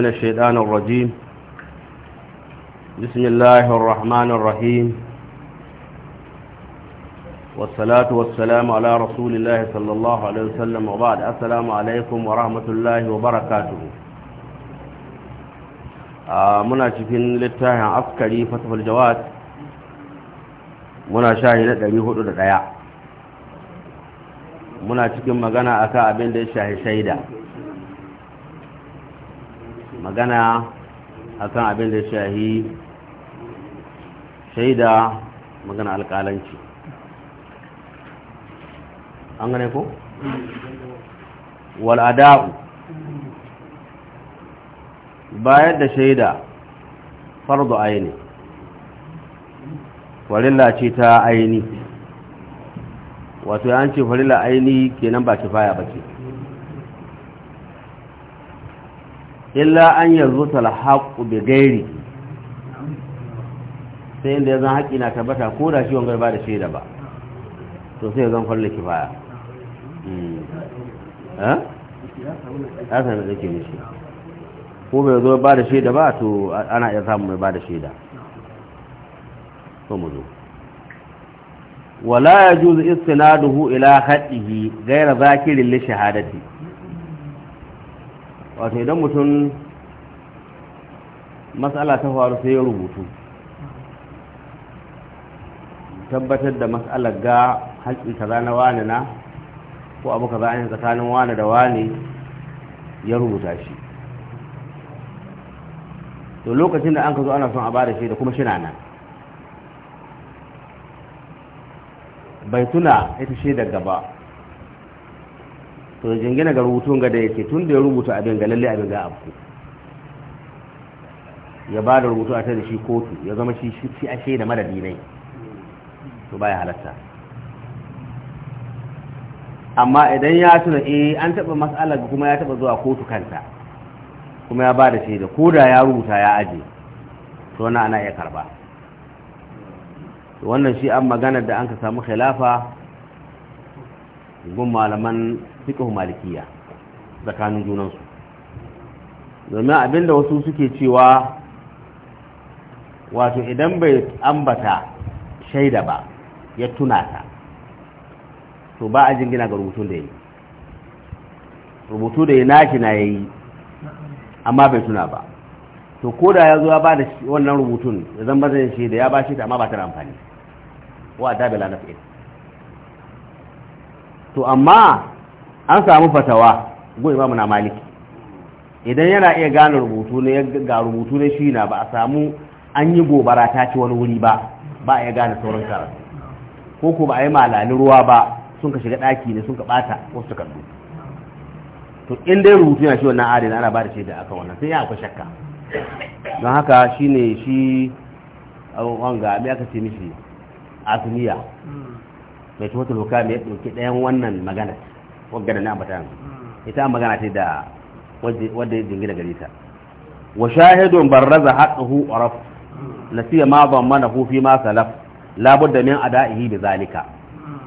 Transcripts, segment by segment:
من الشيطان الرجيم بسم الله الرحمن الرحيم والصلاة والسلام على رسول الله صلى الله عليه وسلم وبعد السلام عليكم ورحمة الله وبركاته مناشفين للتاهي عسكري فتف الجواد مناشاهي ندعي هدو دعيا مناشفين مغانا أكا أبين دي شاهي شايدا magana a kan abin da shahi shaida magana alƙalanci an gane ko? wal'ada'u bayar da shaida fardu aini farilla ce ta aini wato yanci farilla aini kenan ba kifaya ba ce illa an yanzu talhaku da gairi sai inda ya zan haƙi na tabbata ko da shi wangar ba da shaida ba to sai ya zan kwalle ki baya hmm. eh? ya sami zake mishi ko bai zo ba da shaida ba to ana iya samun mai ba da shaida to mu zo wala ya juzu istinaduhu ila haɗihi gaira zakirin li shahadati wato idan mutum matsala ta faru sai ya rubutu tabbatar da matsalar ga haƙƙi ta na wani na ko abu kaza ne tsakanin wani da wani ya rubuta shi to lokacin da an ka zo ana son a ba da shi da kuma shi na bai tuna ita shi da gaba to jingina ga rubutun ga da yake tun da ya rubuta abin ga lalle abin ga abu ya ba da rubutu a ta da shi kotu ya zama shi shi a shaida madadi ne to baya halatta amma idan ya tuna eh an taba mas'alar kuma ya taba zuwa kotu kanta kuma ya ba da shaida ko da ya rubuta ya aje to na ana iya karba to wannan shi an magana da an ka samu khilafa gun malaman fiƙin malikiya tsakanin junansu domin abinda wasu suke cewa wato idan bai ambata shaida ba ya tuna ta to ba a jingina ga rubutun da ya yi rubutu da ya naki na ya yi amma bai tuna ba to ko da ya zo ya ba da wannan rubutun ya zan bazan shi da ya ba shi ta amma ba ta da amfani wa da na fi'in to amma an samu fatawa gun imamu na maliki idan yana iya gane rubutu ne ga rubutu ne shi na ba a samu an yi gobara ta ci wani wuri ba ba a iya gane sauran karatu ko ko ba a yi malalin ruwa ba sun ka shiga ɗaki ne sun ka ɓata wasu takardu to in dai rubutu yana shi wannan adina ana ba da shaida akan wannan sai ya akwai shakka don haka shine shi ga me aka ce mishi asiniya hmm. mai tuwatul hukam ya ɗauki ɗayan wannan maganar. wagga da na ambata yanzu ita magana ce da wadda ya jingina gare ta wa shahidun barraza haqqahu Na siya ma ban mana fi ma salaf la budda min ada'ihi da zalika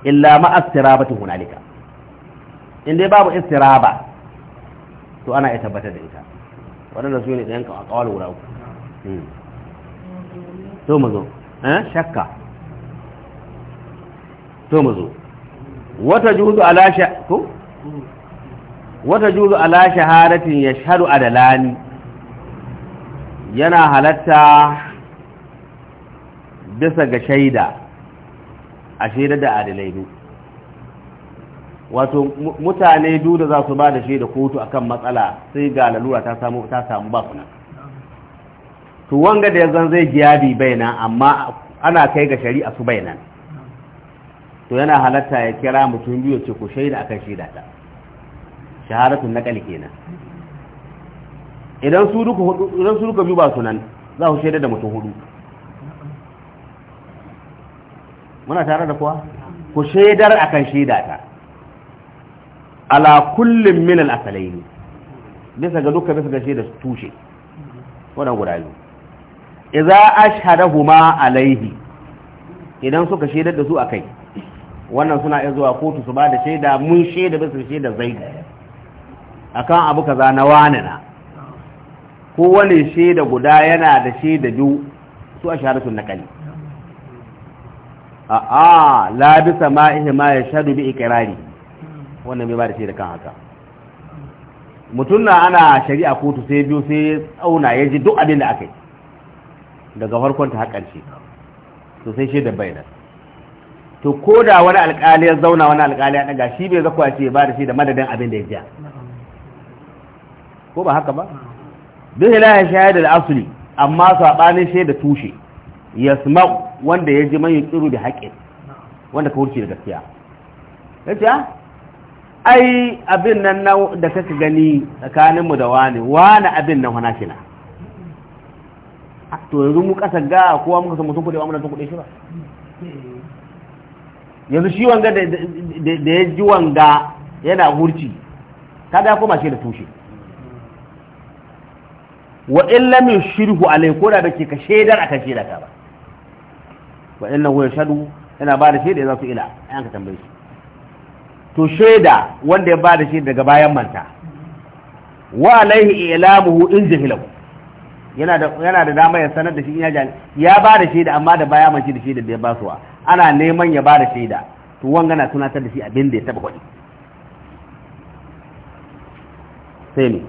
illa ma astirabatu hunalika in dai babu istiraba to ana ya tabbatar da ita waɗanda su ne ɗayan kawal guda uku hmm. to mu zo eh? shakka to mu zo wata juzu ala sha ko wata juzu ala adalani yana halatta bisa ga shaida a shaida da adalai wato mutane biyu da za su ba da shaida kotu akan matsala sai ga lalura ta samu ta samu ba kuna to wanga da yanzu zai jiyabi bainan amma ana kai ga shari'a su bainan to yana halatta ya kira mutum biyu ce ku shaida akan shaida ta shahadatun naqal kenan idan su duka hudu idan su duka biyu ba sunan za ku shaida da mutum hudu muna tare da kuwa ku shaidar akan shaida ta ala kullin min al-asalaini bisa ga duka bisa ga shaida tushe wannan guda biyu idza ashhadahuma alaihi idan suka shaidar da su akai wannan suna iya zuwa kotu su ba da shaida mun shaida bisa shaida zaidu akan abu kaza na wani na wani shaida guda yana da shaida biyu su a shaharatun nakali a a la bisa ma ihe ma ya shaɗu bi ikirari wannan bai ba da shaida kan haka mutum na ana shari'a kotu sai biyu sai tsauna ya ji duk abin da aka yi daga farkon ta haƙar shi to sai shaida bayanan to ko da wani alƙali ya zauna wani alƙali ya ɗaga shi bai zakwa ce ba da shi da madadin abin da ya jiya ko ba haka ba duk ya shahada da asuli amma saɓanin da tushe ya wanda ya ji man yi tsiru da haƙƙi. wanda ka wuce da gaskiya ya ce ah, ai abin nan da kaka gani tsakaninmu da wani wani abin nan wana shi na ah, to yanzu mu kasa ga kowa muka samu sun kuɗe wa muna sun kuɗe shi ba yanzu shi wanga da ya ji wanga yana hurci ta da kuma shi da tushe wa in lam yushrihu alai ko da bake ka shedar aka sheda ka ba wa in lam yashadu yana ba da sheda za su ila an ka tambaye shi to sheda wanda ya ba da shaida daga bayan manta wa alaihi ilamuhu in jahilahu yana da yana da dama ya sanar da shi in ya ya ba da shaida amma da baya manci da shaida da ya basuwa ana neman ya ba da shaida to wanga na tunatar da shi abin da ya taba kwaɗi sai ne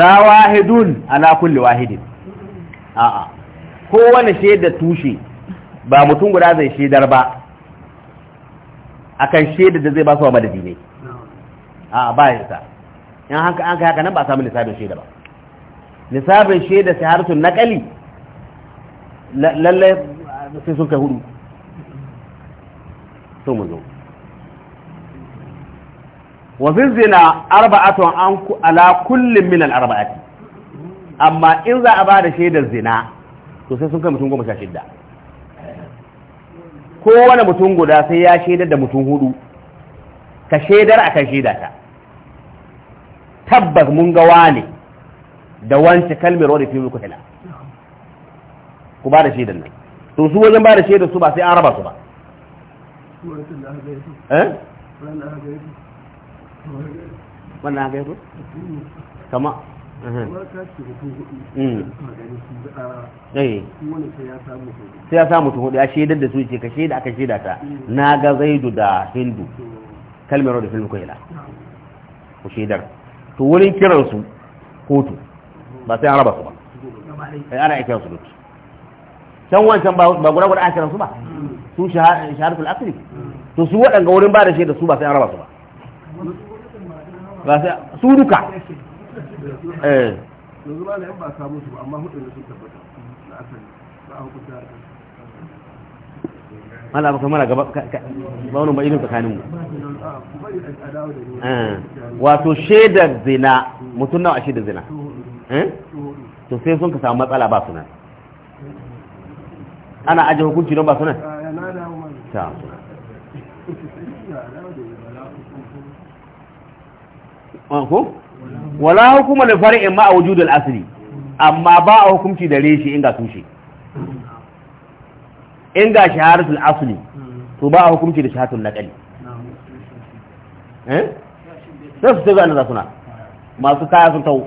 lawahidun ala kulli wahidin a'a kowane shaida tushe ba mutum guda zai shaidar ba akan shaida da zai ba su wa madadi ne a'a ba ya sa in haka an kai haka nan ba samu lissafin shaida ba lissafin shaida sai harsun naƙali lallai sai sun kai hudu to mu zo wa zina arba'atun an ala kullum min arba'ati amma in za a ba da shaidar zina to sai sun kai mutum goma sha shidda kowane mutum guda sai ya shaidar da mutum hudu ka shaidar a kan shaida ta tabbas mun ga wani da wance kalmar wani fi muku hila ku ba da shaidan nan to su wajen ba da shaidan su ba sai an raba su ba eh? eh. Hmm. Eh. sai ya samu su hudu ya shaidar da su ce ka shaida aka shaida ta na ga zaidu da hindu kalmar da filin kwaila ku shaidar to wurin kiransu kotu ba sai an raba su ba ana ikiyansu dutu can wancan ba guda guda akiran su ba su shaharful asiri to su waɗanga wurin ba da shaida su ba sai an raba su ba su duka eh. ba na ba su ba Allah mara gaba ba tsakanin mu eh. wato shaidar zina mutum nawa a shaidar zina eh? to sai sun ka samu matsala ba su nan ana aje hukunci don ba sunan eh, ah, ko wala hukuma da fari in a wujudu al'asiri amma ba a hukunci da reshi in ga tushe in ga al'asiri to ba a hukunci da shahatun naƙali eh sai su ga nan suna masu kaya sun tawo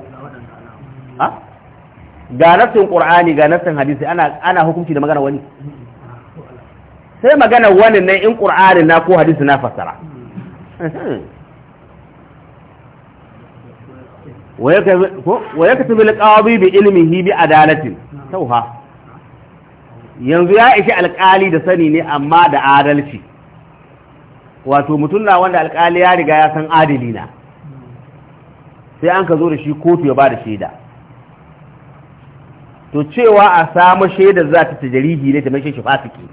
ga nassin qur'ani ga nassin hadisi ana ana hukunci da magana wani sai magana wani ne in qur'ani na ko hadisi na fasara. wa yaktubu al-qadi bi ilmihi bi adalatin tauha yanzu ya ishi alƙali da sani ne amma da adalci wato mutum na wanda alƙali ya riga ya san adalina. sai an ka zo da shi kotu ya ba da shaida to cewa a samu shaidar za ta tajarihi ne ta mashi shi fasiki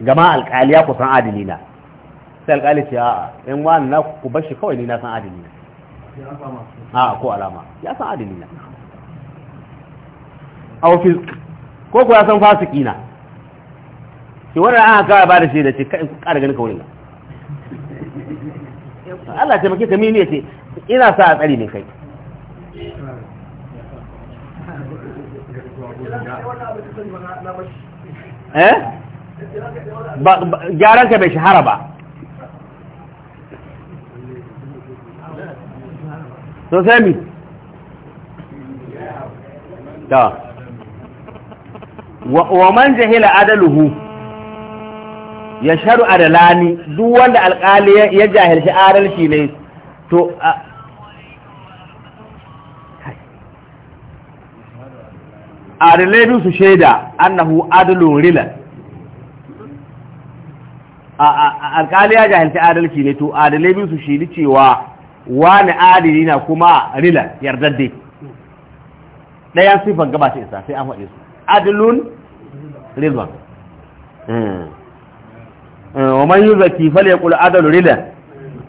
gama alƙaliya ku san adali na sai alƙali ce a'a yan wani na ku bar shi kawai ni na san adali na a ko alama ya san adali na a ofis ko ku ya san fasiki na ki wani an haka ba da shaida ce ƙara ganin kawai wurin na Allah ce maki ka mini ya ce ina sa a tsari ne kai eh gyaran ka bai shahara ba so sai mi da wa man jahila adaluhu ya sharu adalani duk wanda alƙali ya jahilci adalci ne to adalai biyu su shaida annahu adalu rilan alkali ya jahilci adalci ne to adalai biyu su shaidi cewa wani adali na kuma rilan yardadde ɗayan sifan gaba ce isa sai an faɗi su adalun hmm. hmm. rilan wa man zaki kifal ya kula adalu rilan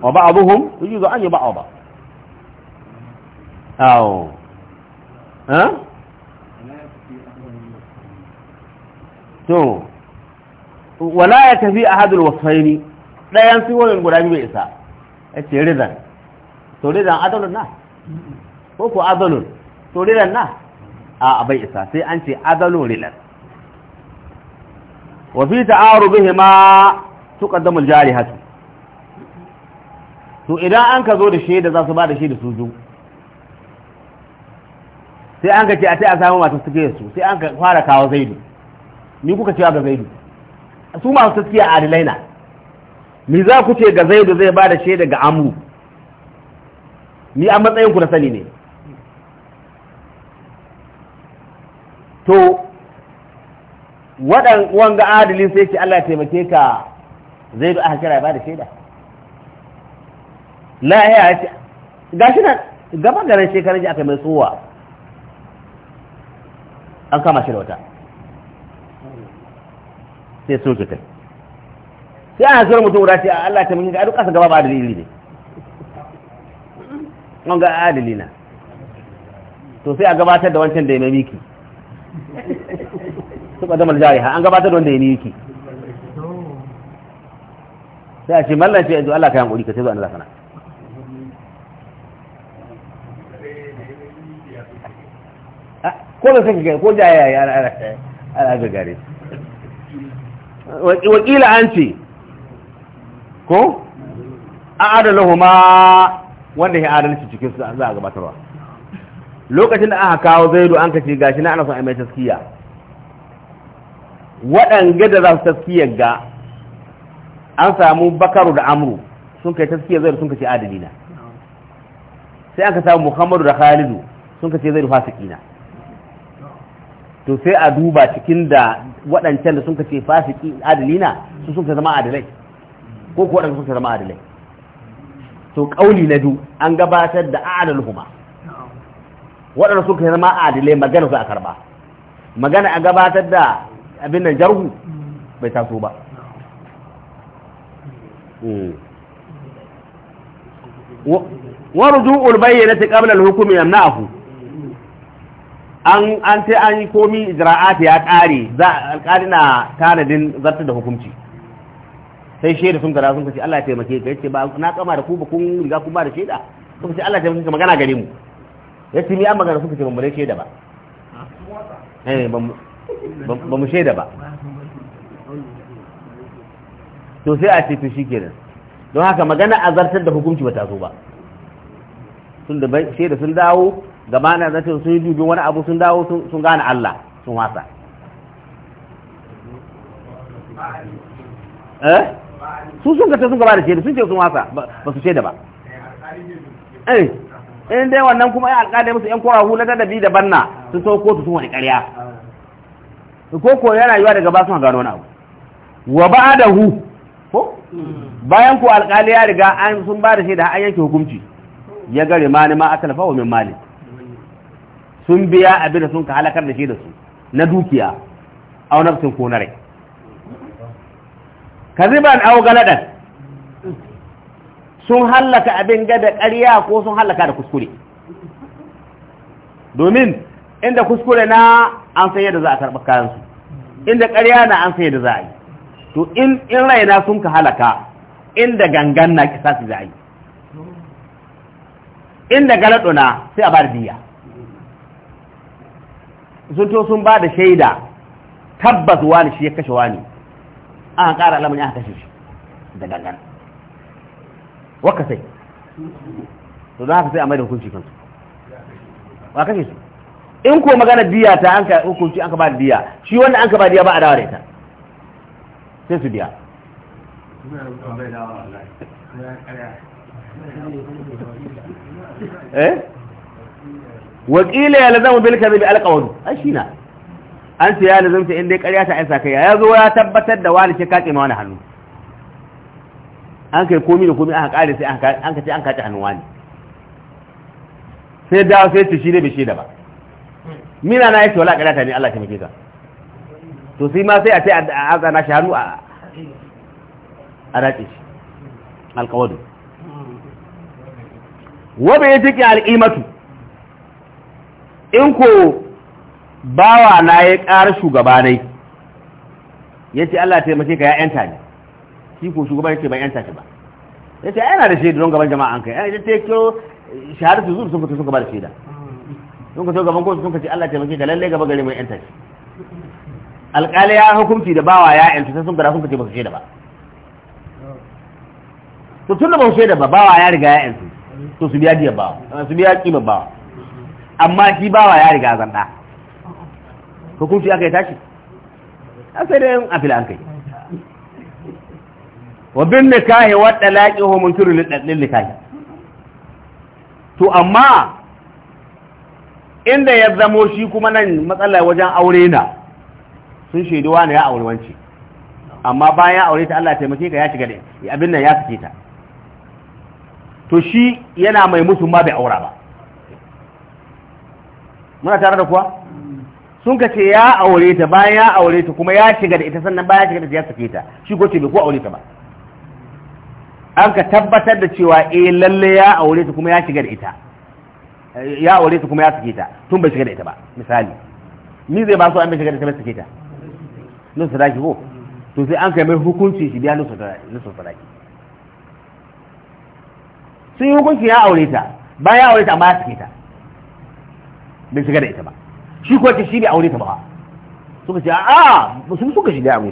wa ba yi zo an yi ba'a ba awo eh to wala ya tafi ahadul wasaini dayan siwon guda biyu bai isa yace ridan to ridan adalun na ko ko adalun to ridan na a bai isa sai an ce adalun ridan wa fi ta'arubihima tuqaddamu al-jarihatu to idan an ka zo da shaida za su ba da shaida su ju sai an ka ce a sai a samu masu suke su sai an ka fara kawo zaidu ni kuka cewa ga zaidu su masu taskiya a na ni za ku ce ga zaidu zai ba da shaida ga amru ni a matsayin ku na sani ne to waɗan wanga adalin sai ce Allah ya taimake ka zaidu a kira ba da shaida lahiya ya ce gashi nan gaba garin shekarar ji aka mai tsowa an kama shi da wata sai sun su kai sai a zuwa mutum guda ce a Allah ta mukinka a duk ƙasa gaba ba adalili ne an ga adalili na to sai a gabatar da wancan da ya mai miki su ba zama jari an gabatar da wanda ya miki sai a ce mallan ce yanzu Allah ka hankuri ka sai zo na sana ko da suka ko jaya ya a gagare su wakila an ce ko a adalahu ma wanda ya adalci cikin su za a gabatarwa lokacin da aka kawo zaidu an kace gashi na ana son a mai taskiya waɗanga da za su taskiyar ga an samu bakaru da amru sun kai taskiyar zaidu sun kace adalina sai aka samu muhammadu da khalidu sun kace zaidu fasikina to sai a duba cikin da waɗancan da sun ka ce fasiki adalina su sun ka zama adalai ko ko waɗanda sun ka zama adalai to ƙauli na biyu an gabatar da adal huma waɗanda sun ka zama adalai magana su a karɓa magana a gabatar da abin nan jarhu bai taso ba hmm. wa ruju'ul bayyinati qabla al-hukmi yamna'ahu an an sai an yi komi ijra'at ya kare za alƙali na tanadin zartar da hukunci sai shaida sun gara sun ce Allah ya taimake ka yace ba na kama da ku ba kun riga kun ba da shaida sun ce Allah ya taimake ka magana gare mu yace ni an magana sun ce ban mu shaida ba eh ba mu shaida ba to sai a ce to shikenan don haka magana a zartar da hukunci ba ta zo ba tun da shaida sun dawo Gaba na zancin sun yi dubin wani abu sun dawo sun gane Allah sun wasa eh su sun kace sun gaba da shaidu sun ce sun wasa ba su shaida ba eh in dai wannan kuma ya alƙalai musu yan kowa hula da dabi daban na sun sau kotu sun wani ƙarya ko ko yana yiwa daga ba sun gano wani abu wa ba da hu ko bayan ko alƙali ya riga an sun ba da shaida an yanke hukunci ya gare ni ma aka lafa wa min mali sun biya abin da sun ka halakar da shi da su na dukiya a nafsin ko na rai an awo galadan sun hallaka abin gada ƙarya ko sun hallaka da kuskure domin inda kuskure na an san yadda za a karɓar kayansu inda ƙarya na an san yadda za a yi to in raina sun ka halaka inda gangan na kisa su za a yi inda galaduna sai a bar biya sun to sun ba da shaida tabbas wani shi ya kashe wani an ƙara alamani aka kashe shi da gangan waka sai to don haka sai a mai da hukunci kansu wa kashe su in ko magana diya ta an ka hukunci an ka ba da diya shi wanda an ka ba diya ba a dawo da ita sai su biya eh wakila ya lazamu bil kadhibi alqawl ai shi na an ce ya lazamta in dai ƙarya ta aisa kai ya zo ya tabbatar da wani shi kaƙe ma wani hannu an kai komi da komi aka kare sai an kace an kace hannun wani sai da sai ce shi ne bai da ba mina na yace wala ƙarya ta ne Allah ke muke ka to sai ma sai a ce a azana shi hannu a a dace alƙawadu wa bi yake al'imatu in ko bawa na ya ƙara shugabanai ya ce Allah taimake ka ya yanta ne shi ko shugaban ya ce ban yanta shi ba ya ce yana da shaidu don gaban jama'a an kai ya ce kiro shahadatu zuwa sun fito sun gaba da shaida sun ka gaban kotu sun ka Allah taimake ka lallai gaba gari mai yanta shi alƙali ya hukunci da bawa ya yanta sai sun gara sun ka ce ba su shaida ba to tun da ba su shaida ba bawa ya riga ya yanta to su biya diya bawa su biya kima bawa amma shi bawa ya riga zanɗa hukunci aka yi tashi a sai da yin afila an kai wa bin nikahi wa talaqi hu turu lidadin nikahi to amma inda ya zamo shi kuma nan matsala wajen aure na sun shaidu wani ya aure wance amma bayan ya aure ta Allah taimake ka ya shiga da abin nan ya fice ta to shi yana mai musu ma bai aura ba muna tare da kuwa sun ka ce ya aure ta bayan ya aure ta kuma ya shiga da ita sannan bayan ya shiga da ya sake ta shi ko ce bai ko aure ta ba an ka tabbatar da cewa eh lalle ya aure ta kuma ya shiga da ita ya aure ta kuma ya sake ta tun bai shiga da ita ba misali ni zai ba su an bai shiga da ita bai sake ta nun sadaki ko to sai an kai mai hukunci shi biya nun sadaki sun yi hukunci ya aure ta bayan ya aure ta amma ya sake ta bai shiga da ita ba shi ko ce shi bai aure ta ba suka ce a musulmi suka shiga aure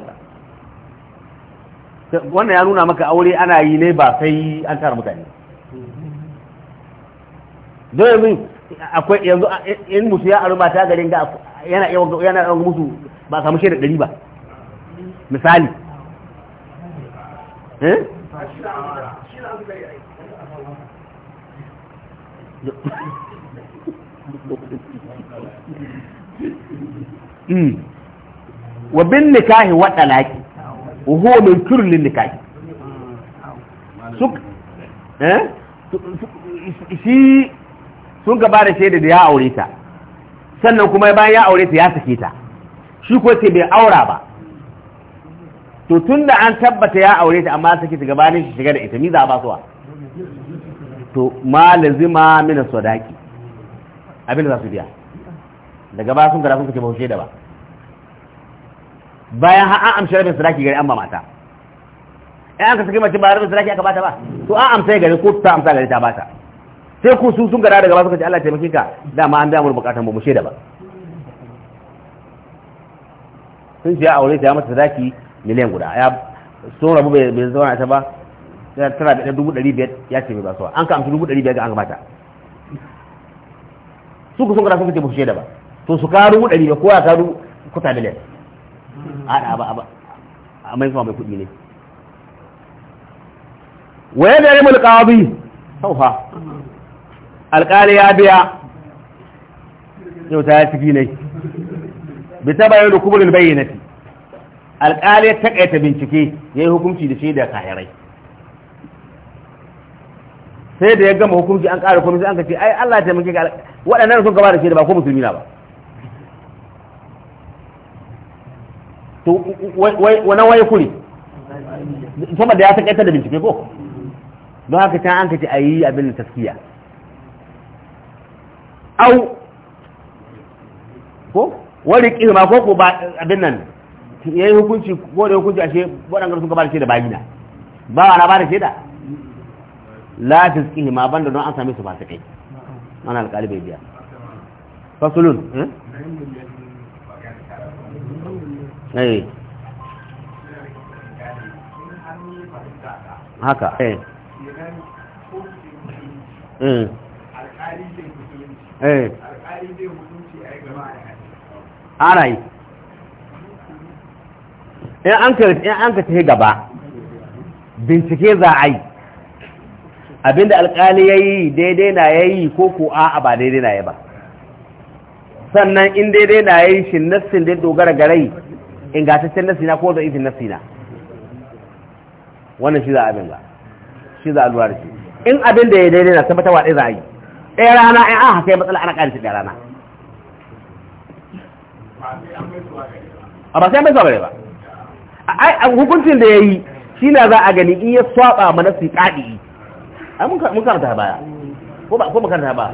ta wannan ya nuna maka aure ana yi ne ba sai an tara mutane don yanzu akwai yanzu in musu ya aru ba ta garin ga yana yana yawan musu ba samu shaida ɗari ba misali eh Hmm. wa bin nikahi wa talaki wa huwa min kulli nikahi suk eh shi sun gaba da shaida da ya aure ta sannan kuma bayan ya aure ta ya sake ta shi ko sai bai aura ba to tun da an tabbata ya aure ta amma sake ta gabanin shi shiga da ita ni za ba suwa to ma lazima mina sadaki abin da za su biya daga baya sun gara sun kace ba shaida ba bayan ha an amsa rabin sadaki gari an ba mata an aka saki mace ba rabin sadaki aka bata ba to an amsa gari ko ta amsa gari ta bata sai ku su sun gara daga baya suka ce Allah ya taimake ka dama an damu bukatan ba mu shaida ba sun ce aure ta ya mata sadaki miliyan guda ya sun rabu bai zauna ta ba tara da dubu ɗari biyar ya ce bai ba an ka amsa dubu ɗari biyar ga an gabata su ku sun gara sun kace ba su shaida ba to su karu rubu ɗari ba kowa karu kuta miliyan a ba a ba a mai kuma mai kuɗi ne waye da rimul qadi saufa alƙali ya biya yau ta ya ciki ne bi ta bayan rukuburin bayyanati alƙali ya taƙaita bincike ya yi hukunci da shaida kayarai sai da ya gama hukunci an ƙara komai sai an ka ce ai Allah ya taimake ka waɗannan sun gaba da shaida ba ko musulmi na ba to wani waye kuri sama da ya takaita da bincike ko don haka ta an kace ayi abin taskiya au ko wani kirma ko ko ba abin nan ya yi hukunci ko da hukunci ashe waɗanda sun gabata da bagina ba wa na ba da da la taskihi ma da don an same su kai ana alkalibai biya fasulun eh? eh haka eh eh eh arai in an ka tafi gaba bincike za a yi abinda alƙali ya yi daidai na ya yi ko ko a ba daidai na ya ba sannan in daidai na ya yi shi nassin da dogara garai ingantaccen nafsi na ko da izin nafsi na wannan shi za abin ba shi za da shi in abin da ya daidai na tabbata ɗaya za a yi ɗaya rana in an haka matsala ana ƙarfi shi ɗaya rana a ba sai mai sabare ba a hukuncin da ya yi shi na za a gani in ya saba ma nafsi ƙaɗi a mun karanta baya ko ba ko makaranta ba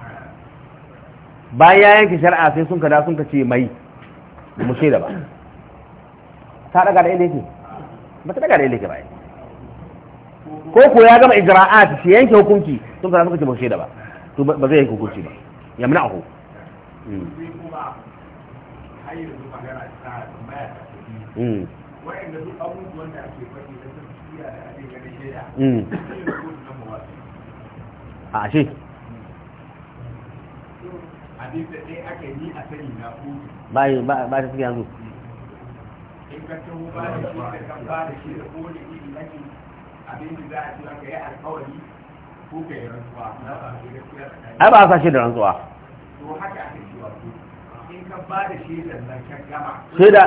bayan yanke shari'a sai sun kada sun kace mai mu shaida ba ta daga da inda yake ba ta daga da inda yake ba ko ko ya gama ijra'at shi yanke hukunci sun kada sun kace mu shaida ba to ba zai yanke hukunci ba ya muna waɗanda da ake da ganin shaida a ashe abinda yi a sani na hutu ba ta in ka ba da shi da kan ba da shi da iri nake abinda za a yi alkawari ko ka yi rantsuwa ba a sa shi da rantsuwa to haka wa in ka ba da shi da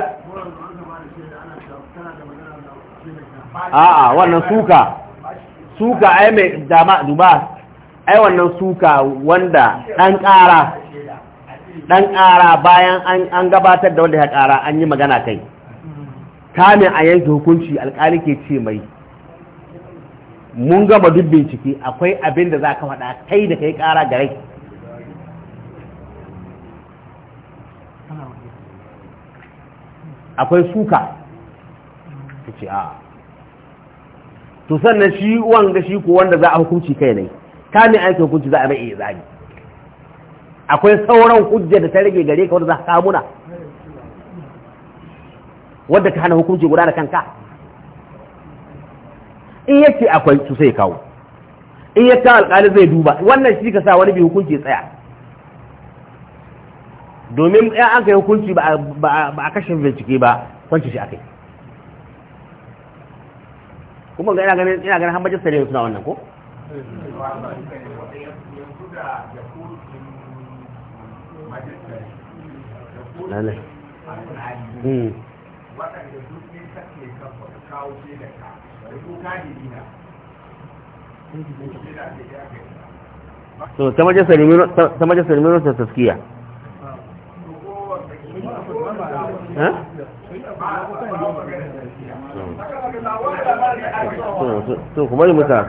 gama a'a wannan suka suka ai mai dama duba ai wannan suka wanda ɗan ƙara dan ƙara bayan an gabatar da wanda ya ƙara an yi magana kai kamin a yanke hukunci alƙali ke ce mai mun gama duk bincike akwai abin da za ka faɗa kai da kai ƙara gare akwai suka ta ce a to sannan shi da shi ko wanda za a hukunci kai ne kamin a yanke hukunci za a mai iya zagi akwai sauran hujja da ta rage gare ka wadda za ka kawo muna wadda ka hana hukunci guda da kanka in yake akwai su sai kawo in ya kawo alƙali zai duba wannan shi ka sa wani bi hukunci tsaya domin ya an kai hukunci ba a kashe bincike ba kwanci shi akai kuma ga ina ganin ina ganin suna wannan ko lalai waɗanda hmm. duk ne kawo ce da ka da dina so ta majalisar minista taskiya to kuma yi muta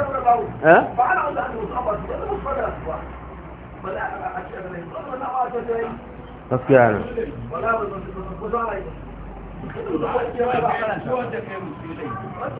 gaskiya ne